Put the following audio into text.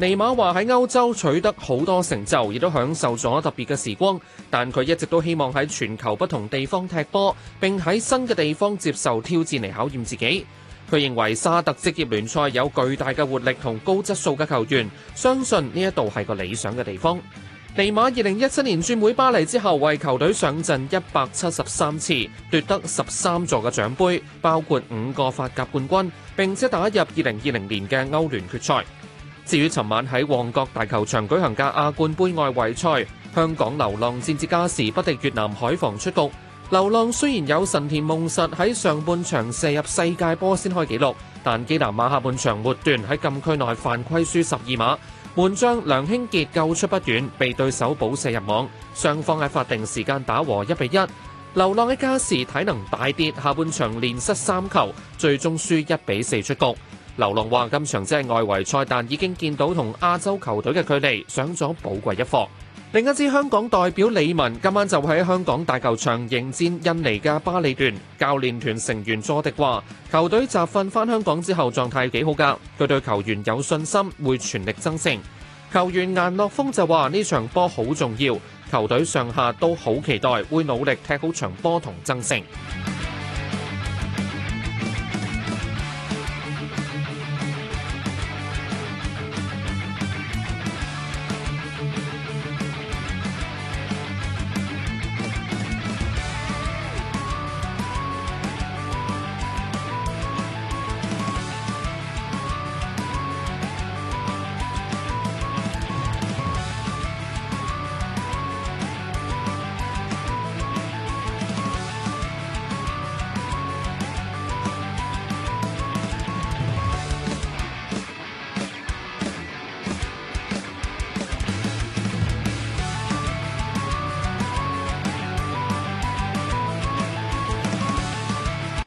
尼馬話喺歐洲取得好多成就，亦都享受咗特別嘅時光。但佢一直都希望喺全球不同地方踢波，並喺新嘅地方接受挑戰嚟考驗自己。佢認為沙特職業聯賽有巨大嘅活力同高質素嘅球員，相信呢一度係個理想嘅地方。尼馬二零一七年轉會巴黎之後，為球隊上陣一百七十三次，奪得十三座嘅獎盃，包括五個法甲冠軍，並且打入二零二零年嘅歐聯決賽。至於尋晚喺旺角大球場舉行嘅亞冠杯外圍賽，香港流浪戰至加時不敵越南海防出局。流浪雖然有神田夢實喺上半場射入世界波先開紀錄，但基南馬下半場末段喺禁區內犯規輸十二碼，門將梁興傑救出不遠，被對手補射入網。雙方喺法定時間打和一比一。流浪嘅加時體能大跌，下半場連失三球，最終輸一比四出局。流浪話：今場只係外圍賽，但已經見到同亞洲球隊嘅距離，上咗寶貴一課。另一支香港代表李文今晚就喺香港大球場迎戰印尼嘅巴里聯。教練團成員佐迪話：球隊集訓翻香港之後狀態幾好噶，佢對球員有信心，會全力爭勝。球員顏樂峰就話：呢場波好重要，球隊上下都好期待，會努力踢好場波同爭勝。